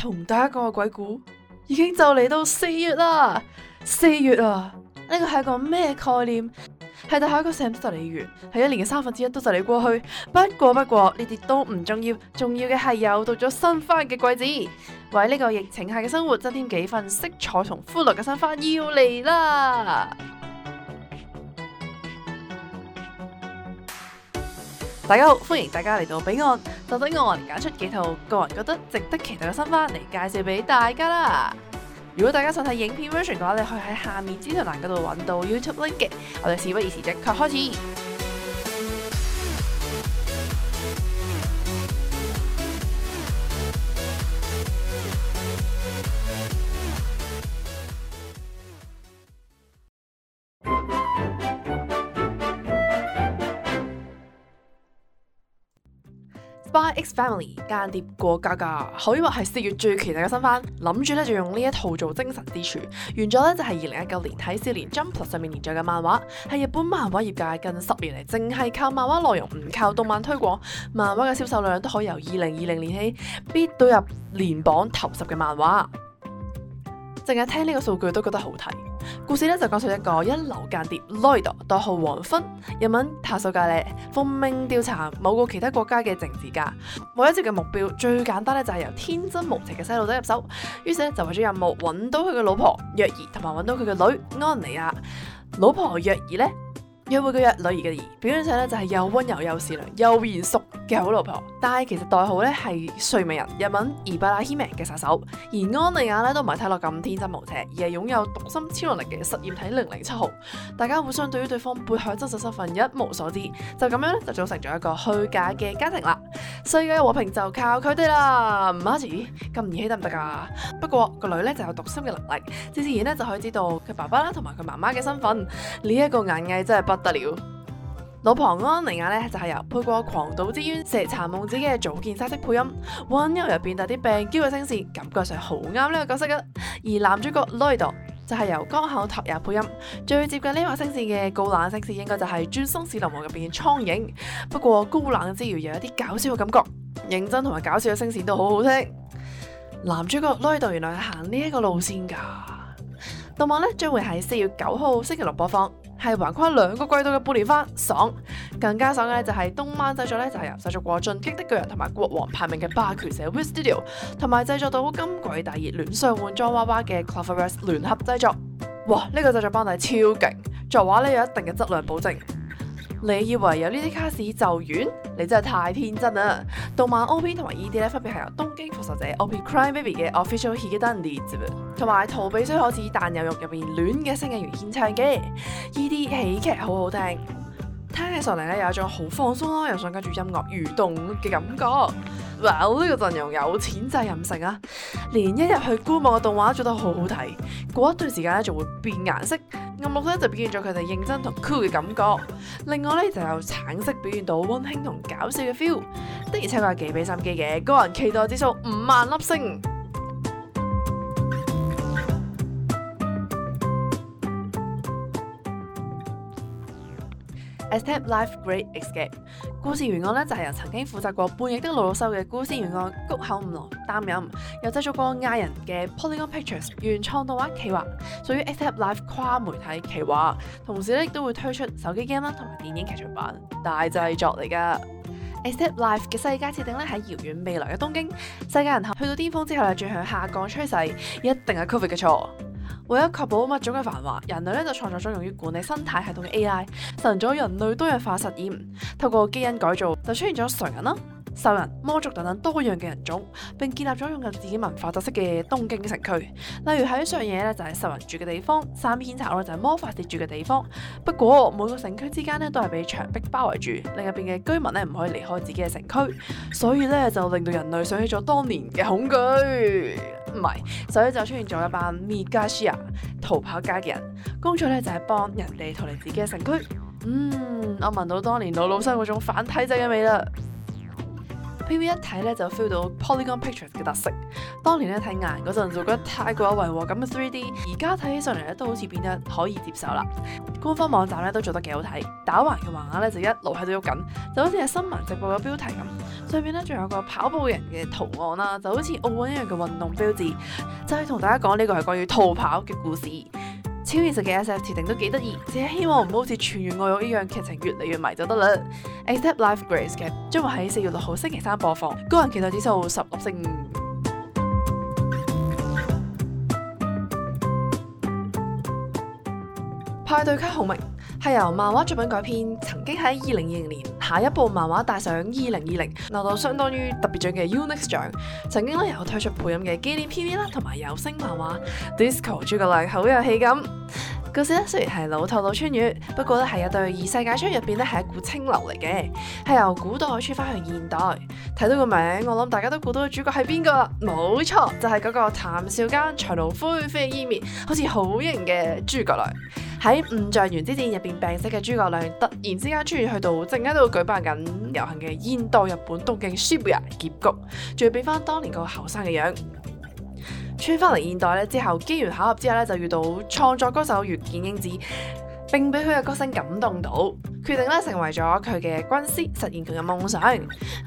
同大家講個鬼故，已經就嚟到四月啦！四月啊，呢個係個咩概念？係對下一個成日都就嚟完，係一年嘅三分之一都就嚟過去。不過不過呢啲都唔重要，重要嘅係又到咗新番嘅季節，為呢個疫情下嘅生活增添幾分色彩同歡樂嘅新番要嚟啦！大家好，歡迎大家嚟到彼岸，等等我嚟揀出幾套個人覺得值得期待嘅新番嚟介紹俾大家啦。如果大家想睇影片 version 嘅話，你可以喺下面資訊欄嗰度揾到 YouTube link 嘅，我哋事不宜遲，即刻開始。X Family 間諜過家家，可以話係四月最期待嘅新番，諗住咧就用呢一套做精神支柱。原作咧就係二零一九年喺少年 Jump 上面連載嘅漫畫，係日本漫畫業界近十年嚟淨係靠漫畫內容唔靠動漫推廣，漫畫嘅銷售量都可以由二零二零年起必到入年榜頭十嘅漫畫，淨係聽呢個數據都覺得好睇。故事呢就講述一個一流間諜諾亞，Lloyd, 代號黃昏，日文塔索加利，奉命調查某個其他國家嘅政治家。每一集嘅目標最簡單咧就係、是、由天真無邪嘅細路仔入手，於是咧就為咗任務揾到佢嘅老婆若爾，同埋揾到佢嘅女安妮亞。老婆若爾呢？約會嘅約，女兒嘅兒，表面上咧就係又溫柔又善良又賢淑嘅好老婆，但係其實代號咧係睡美人日文伊巴拉希梅嘅殺手，而安妮亞咧都唔係睇落咁天真無邪，而係擁有讀心超能力嘅實驗體零零七號，大家互相對於對方背後真實身份一無所知，就咁樣咧就組成咗一個虛假嘅家庭啦。世界和平就靠佢哋啦，唔阿智咁兒戲得唔得噶？不過個女咧就有讀心嘅能力，自自然咧就可以知道佢爸爸啦同埋佢媽媽嘅身份，呢、這、一個眼藝真係不得了。老婆安妮亞咧就係、是、由配過《狂賭之淵》《蛇喰夢子》嘅早見沙織配音，溫柔入面帶啲病嬌嘅聲線，感覺上好啱呢個角色嘅。而男主角 Loid。就係由江口拓也配音，最接近呢把聲線嘅高冷聲線應該就係《鑽松鼠》欄目入邊嘅蒼蠅，不過高冷之餘又有啲搞笑嘅感覺，認真同埋搞笑嘅聲線都好好聽。男主角嚟到原來係行呢一個路線㗎，動漫咧將會喺四月九號星期六播放。係橫跨兩個季度嘅半年番，爽！更加爽嘅就係動漫製作咧就係、由製作過《進擊的巨人》同埋《國王排名》嘅霸權社 Wit Studio，同埋製作到今季大熱《戀上換裝娃娃》嘅 CloverWorks 聯合製作。哇！呢、呢個製作班底超勁，作畫咧有一定嘅質量保證。你以為有呢啲卡士就完？你真係太天真啦！動漫 OP 同埋 ED 咧，分別係由東京復仇者 OP Cry Baby 嘅 Official 髭男 dism，同埋逃避雖可恥但有用入面戀嘅聲音嚟獻唱嘅 ED 喜劇，好好聽，聽起上嚟咧有一種好放鬆咯，又想跟住音樂蠕動嘅感覺。哇！呢個陣容有錢就任性啊！連一入去官網嘅動畫做得好好睇，過一段時間咧就會變顏色。暗綠呢就表現咗佢哋認真同 cool 嘅感覺，另外呢，就有橙色表現到温馨同搞笑嘅 feel，的而且確係幾俾心機嘅，個人期待指數五萬粒星。Estab-Life Great Escape 故事原案咧就係、是、由曾經負責過《反逆的魯魯修》嘅故事原案谷口悟朗擔任，又製作過《亞人》嘅 Polygon Pictures 原創動畫企劃，屬於 Estab-Life 跨媒體企劃，同時咧亦都會推出手機 game 啦同埋電影劇場版，大製作嚟噶。Estab-Life 嘅世界設定咧喺遙遠未來嘅東京，世界人口去到巔峰之後又轉向下降趨勢，一定係 COVID 嘅錯。為咗確保物種嘅繁華，人類咧就創造咗用於管理生態系統嘅 AI，實行咗人類多樣化實驗，透過基因改造就出現咗常人、獸人、魔族等等多樣嘅人種，並建立咗擁有自己文化特色嘅東京城區。例如喺上野咧就係、是、獸人住嘅地方，三軒茶屋咧就係魔法士住嘅地方。不過每個城區之間咧都係被牆壁包圍住，令入邊嘅居民咧唔可以離開自己嘅城區，所以咧就令到人類想起咗當年嘅恐懼。所以就出現咗一班米加斯亞逃跑家嘅人，工作咧就係幫人哋逃離自己嘅城區。嗯，我聞到當年老老生嗰種反體制嘅味啦。PV 一睇咧就 feel 到 Polygon Pictures 嘅特色。當年咧睇眼嗰陣就覺得太過有違和感嘅 3D，而家睇起上嚟咧都好似變得可以接受啦。官方網站咧都做得幾好睇，打橫嘅橫額咧就一路喺度喐緊，就好似係新聞直播嘅標題咁。上面咧仲有個跑步人嘅圖案啦，就好似奧運一樣嘅運動標誌，就係、是、同大家講呢個係關於逃跑嘅故事。超現實嘅 S.F 設定都幾得意，只係希望唔好好似《全員外遇》一樣劇情越嚟越迷就得啦。 Estab-Life: Great Escape 嘅將會喺四月六號星期三播放，個人期待指數十六星。 派對咖孔明。係由漫畫作品改編，曾經喺二零二零年，下一部漫畫大賞二零二零，拿到相當於特別獎嘅 Unix 獎。曾經咧有推出配音嘅紀念 P V 啦，同埋有聲漫畫 Disco 諸葛亮好有戲感。故事咧雖然係老套路穿越，不過咧係一對異世界出入邊咧係一股清流嚟嘅，係由古代穿越翻去現代。睇到個名，我諗大家都估到主角係邊個啦？冇錯，就係、是、嗰個談笑間，檣櫓灰飛煙滅，好似好型嘅諸葛亮。喺五丈原之戰入邊病死嘅諸葛亮，突然之間穿越去到正喺度舉辦緊遊行嘅現代日本東京 Shibuya 結局，仲要變翻當年個後生嘅樣。穿翻嚟現代咧之後，機緣巧合之下咧就遇到創作歌手月見英子，並被佢嘅歌聲感動到，決定咧成為咗佢嘅軍師，實現佢嘅夢想。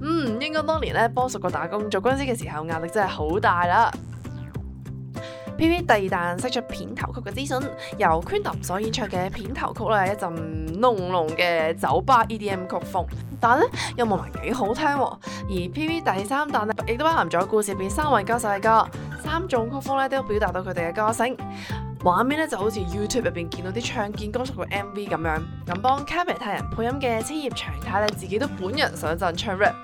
嗯，應該當年咧幫蜀國打工做軍師嘅時候，壓力真係好大啦。P. V. 第二彈釋出片頭曲嘅資訊，由 QUEENDOM 所演唱嘅片頭曲咧，一陣濃濃嘅酒吧 E. D. M 曲風，但咧又冇埋係幾好聽，哦。而 P. V. 第三彈咧，亦都包含咗故事入邊三位歌手嘅歌，三種曲風咧都表達到佢哋嘅歌聲。畫面咧就好似 YouTube 入邊見到啲唱見歌手嘅 M. V. 咁樣。咁幫 Kamir 替人配音嘅青葉長太咧，自己都本人上陣唱 rap。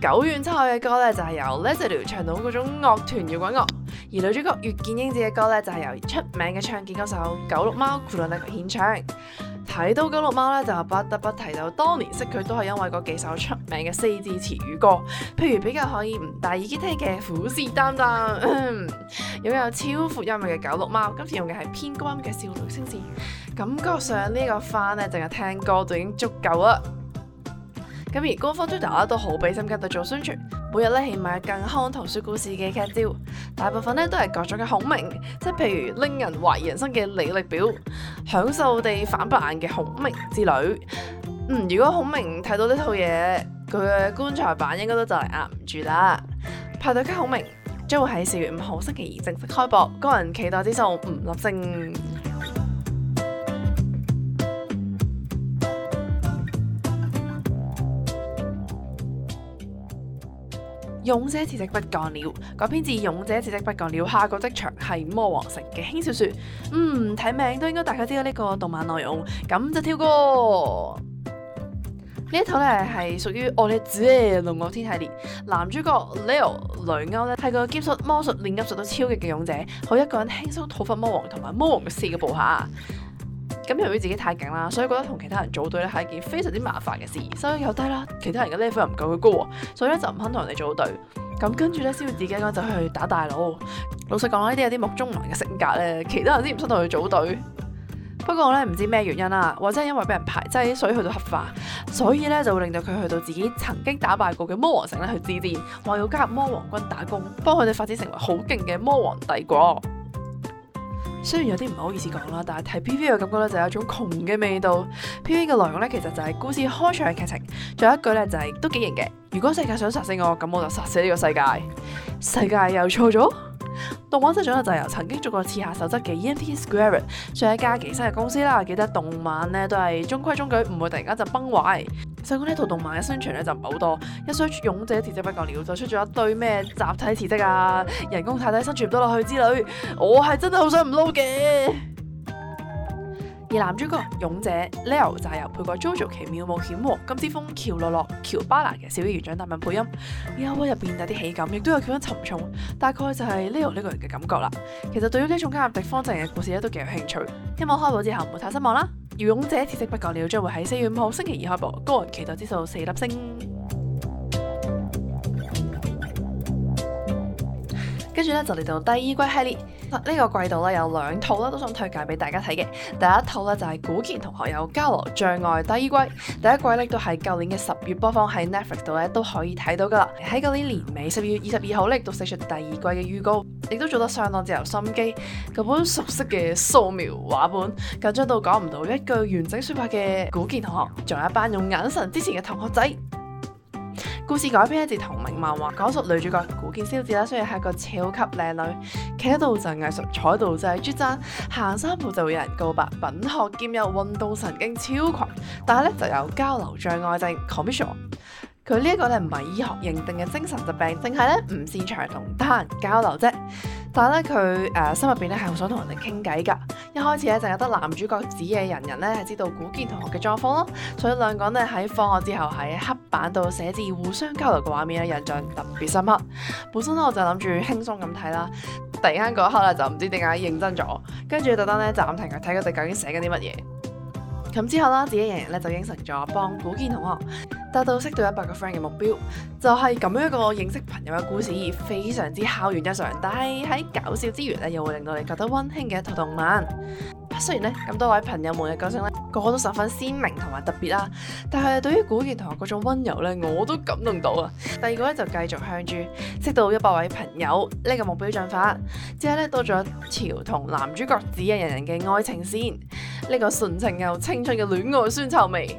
久遠七海嘅歌咧，就係、是、由 Leslie 唱到嗰種樂團搖滾樂。而女主角月見英子嘅歌咧，就係、是、由出名嘅唱見歌手九六貓》胡倫立獻唱。睇到《九六貓》咧，就不得不提到當年識佢都係因為嗰幾首出名嘅四字詞語歌，譬如比較可以唔戴耳機聽嘅《虎視眈眈》，擁 有超闊音域嘅《九六貓》。今次用嘅係偏光嘅少女聲線，感覺上呢個番呢，淨係聽歌都已經足夠啦。咁而官方出頭都好俾心機做宣傳。每日咧，起碼更康圖書故事嘅劇照，大部分咧都係各種嘅孔明，即係譬如令人懷疑人生嘅履歷表，享受地反白眼嘅孔明之旅。嗯，如果孔明睇到呢套嘢，佢嘅棺材板應該都就嚟壓唔住啦。派對咖孔明將會喺四月五號星期二正式開播，個人期待指數唔立正。勇者辭職不幹了，改編自《勇者辭職不幹了》，下個職場係魔王城嘅輕小說。嗯，睇名都應該大家知道呢個動漫內容，咁就跳過。呢一套咧係屬於我哋龍傲天系列，男主角 Leo 雷歐咧係個劍術魔術煉金術都超極嘅勇者，好一個人輕鬆討伐魔王同埋魔王嘅四個部下。咁由於自己太勁啦，所以覺得同其他人組隊咧係一件非常之麻煩嘅事，收入又低啦，其他人嘅 level 又唔夠佢高，所以咧就唔肯同人哋組隊。咁跟住咧，先會自己咧就去打大佬。老實講呢啲有啲目中無人嘅性格咧，其他人先唔想同佢組隊。不過咧唔知咩原因啦，或者係因為俾人排擠，所以去到黑化，所以咧就會令到佢去到自己曾經打敗過嘅魔王城咧去指點，話要加入魔王軍打工，幫佢哋發展成為好勁嘅魔王帝國。雖然有啲唔好意思講啦，但係睇 P V 嘅感覺咧就有一種窮嘅味道。P V 嘅內容咧其實就係故事開場嘅劇情，仲有一句咧就係、是、都幾型嘅。如果世界想殺死我，咁我就殺死呢個世界。世界又錯咗？ 動畫失咗，就由曾經做過《刺客守則》嘅 E M T Square 上一家幾新嘅公司啦。記得動漫咧都係中規中矩，唔會突然間就崩壞。上港呢套動漫嘅宣傳咧就唔係好多，一 search《勇者辭職不幹了》，就出咗一堆咩集體辭職啊、人工太太生存唔到落去之類。我係真係好想唔撈嘅。而男主角勇者 Leo 就係由配過《JoJo 奇妙冒險》和《金之風》喬諾諾、喬巴拿嘅小魚兒長大文配音，面有入邊有啲喜感，亦都有幾分沉重，大概就係 Leo 呢個人嘅感覺啦。其實對於呢種加入敵方陣營嘅故事咧都幾有興趣，希望開播之後唔會太失望啦。《勇者辭職不幹了》，將會喺四月五號星期二開播，個人期待指數四粒星。跟住咧就嚟到第二季系列，呢、這個季度咧有兩套啦，都想推介俾大家睇嘅。第一套咧就係、是、古見同學有交流障礙第二季，第一季咧都係舊年嘅十月播放喺 Netflix 度咧都可以睇到噶啦。喺舊年年尾十二月二十二號咧，都釋出第二季嘅預告。亦都做得相當自由心機，嗰本熟悉嘅素描畫本，緊張到講唔到一句完整說法嘅古見同學，仲有一班用眼神支持嘅同學仔。故事改編來自同名漫畫，講述女主角古見硝子啦，雖然係個超級靚女，企喺度就藝術，坐喺度就係絕讚，行三步就會有人告白，品學兼優運動神經超群。但係咧就有交流障礙症，confusion。佢呢一個咧唔係醫學認定嘅精神疾病，淨係咧唔擅長同他人交流啫。但係咧佢誒心入邊咧係好想同人哋傾偈噶。一開始咧就有得男主角子夜人人咧係知道古見同學嘅狀況咯，所以兩個人咧喺放學之後喺黑板度寫字互相交流嘅畫面咧印象特別深刻。本身咧我就諗住輕鬆咁睇啦，突然間嗰刻啦就唔知點解認真咗，跟住特登咧暫停去睇佢哋究竟寫緊啲乜嘢。咁之後啦，子夜人人咧就應承咗幫古見同學，達到識到一百個 friend 嘅目標，就係、是、咁樣一個認識朋友嘅故事，非常之校園日常。但係喺搞笑之餘咧，又會令到你覺得溫馨嘅一套動漫。雖然咧咁多位朋友們嘅角色咧，個個都十分鮮明同埋特別啦，但係對於古見同學嗰種溫柔咧，我都感動到啊！第二個咧就繼續向住識到一百位朋友呢、這個目標進發，之後咧多咗條同男主角只野仁人嘅愛情綫，呢、這個純情又青春嘅戀愛酸臭味。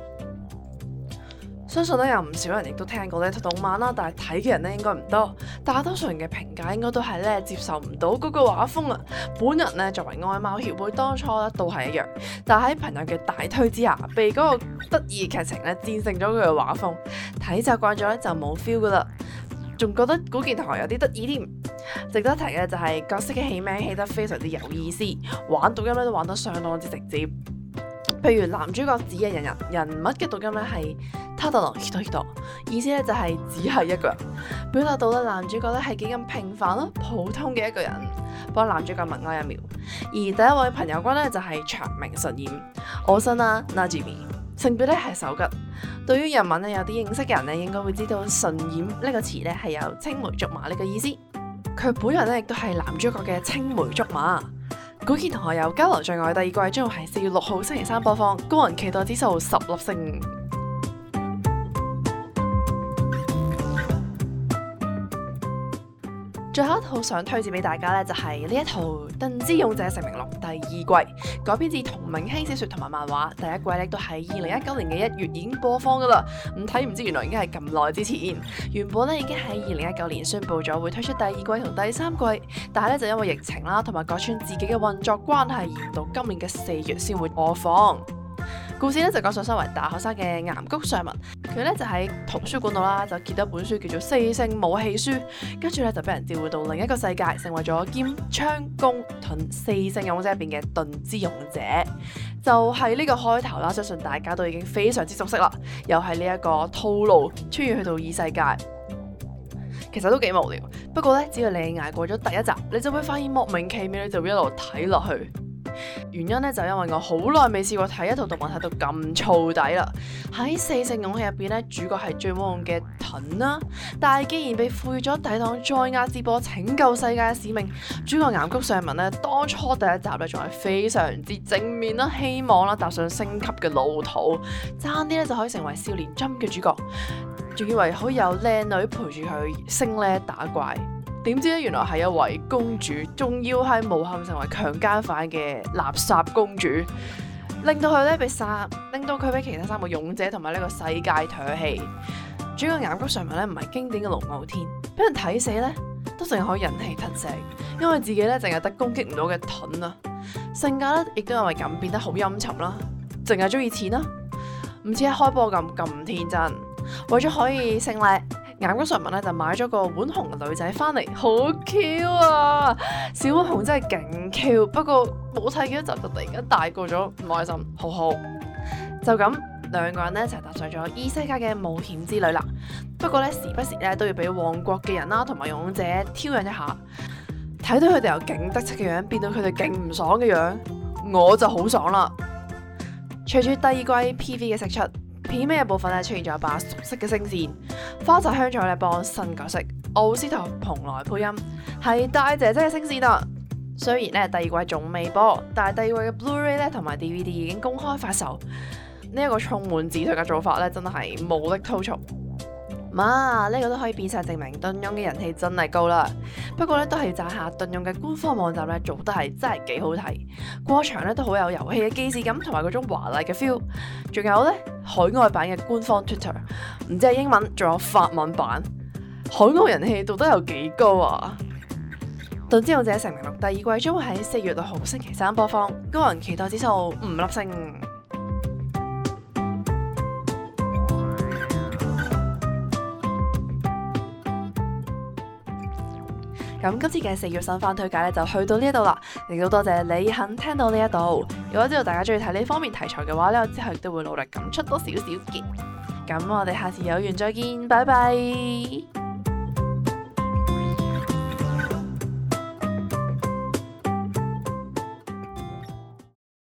相信咧有唔少人亦都聽過呢套動漫啦，但係睇嘅人咧應該唔多，大多數人嘅評價應該都係咧接受唔到嗰個畫風啊。本人咧作為外貌協會當初咧都係一樣，但係喺朋友嘅大推之下，被嗰個得意劇情咧戰勝咗佢嘅畫風，睇習慣咗咧就冇 feel 噶啦，仲覺得古見台有啲得意添。值得提嘅就係、是、角色嘅起名起得非常之有意思，玩讀音咧都玩得相當之直接。譬如男主角只嘅人人人物嘅讀音咧係他特 d a 多 t a，意思咧就係只係一個人，表達到啦，男主角咧係幾咁平凡咯，普通嘅一個人。幫男主角默哀一秒。而第一位朋友君咧就係長明純演，我身啦啊那志明，性別咧係手吉。對於人文咧有啲認識嘅人咧應該會知道純演呢個詞咧係有青梅竹馬呢個意思。佢本人咧亦都係男主角嘅青梅竹馬。古見同學有交流障礙第二季將喺四月六號星期三播放，高人期待指數十粒星。最後一套想推薦俾大家咧，就係、是、呢一套《盾之勇者成名錄》第二季，改編自同名輕小説同埋漫畫。第一季咧都喺二零一九年嘅一月已經播放噶啦，唔睇唔知道原來已經係咁耐之前。原本咧已經喺二零一九年宣布咗會推出第二季同第三季，但係咧就因為疫情啦，同埋各村自己嘅運作關係，延到今年嘅四月先會播放。故事呢就講述身為大學生嘅岩谷尚文，佢呢就喺圖書館度啦，就見到一本書叫做《四聖武器書》，跟住呢就俾人召喚到另一個世界，成為咗劍、槍、弓、盾四聖勇者入邊嘅盾之勇者。就喺呢個開頭啦，相信大家都已經非常之熟悉啦。又係呢一個套路，穿越去到異世界，其實都幾無聊。不過呢，只要你捱過咗第一集，你就會發現莫名其妙，你就會一路睇落去。原因咧就因為我好耐未試過睇一套動漫，睇到咁燥底啦！喺四聖勇者入邊咧，主角係最冇用嘅盾啦，但係既然被賦予咗抵擋災厄之波、拯救世界嘅使命，主角岩谷尚文呢，當初第一集咧仲係非常之正面啦，希望啦踏上升級嘅路途，爭啲咧就可以成為少年 Jump 嘅主角，仲以為可以有靚女陪住佢升呢打怪。點知咧，原來係一位公主，仲要係誣陷成為強姦犯嘅垃圾公主，令到佢咧被殺，令到佢俾其他三個勇者同埋呢個世界唾棄。主角岩谷尚文咧唔係經典嘅龍傲天，俾人睇死咧都淨係可以忍氣吞聲，因為自己咧淨係得攻擊唔到嘅盾啊。性格咧亦都因為咁變得好陰沉啦，淨係中意錢啦，唔似一開波咁咁天真，為咗可以勝利。眼光上文咧就買咗個浣熊嘅女仔翻嚟，好 cute 啊！小浣熊真係勁 cute，不過冇睇幾多集就突然間大個咗，唔開心。好好，就咁兩個人咧就踏上咗異世界嘅冒險之旅啦。不過咧時不時咧都要俾王國嘅人啦同埋勇者挑釁一下，睇到佢哋由勁得戚嘅樣變到佢哋勁唔爽嘅樣，我就好爽啦。隨住第二季 PV 嘅釋出。片尾嘅部分咧，出現咗一把熟悉嘅聲線，花澤香菜咧幫新角色奧斯特蓬萊配音，係大姐姐嘅聲線啦、啊。雖然咧第二季仲未播，但係第二季嘅 Blu-ray 咧同埋 DVD 已經公開發售，呢、這、一個充滿自信嘅做法咧，真係無力吐槽。哇！呢、啊這個都可以變晒，證明盾勇嘅人氣真係高啦。不過呢，都係要讚下盾勇嘅官方網站呢做得係真係幾好睇。過場呢都好有遊戲嘅機智感同埋嗰種華麗嘅 feel。仲有呢，海外版嘅官方 Twitter，唔知係英文仲有法文版。海外人氣到底有幾高啊？《盾之勇者成名錄》第二季將會喺四月六號星期三播放，個人期待指數五粒星。咁今次嘅四月新番推介咧就去到呢一度啦，亦都多謝你肯聽到呢一度。如果知道大家中意睇呢方面題材嘅話咧，我之後都會努力咁出多少少嘅。咁我哋下次有緣再見，拜拜。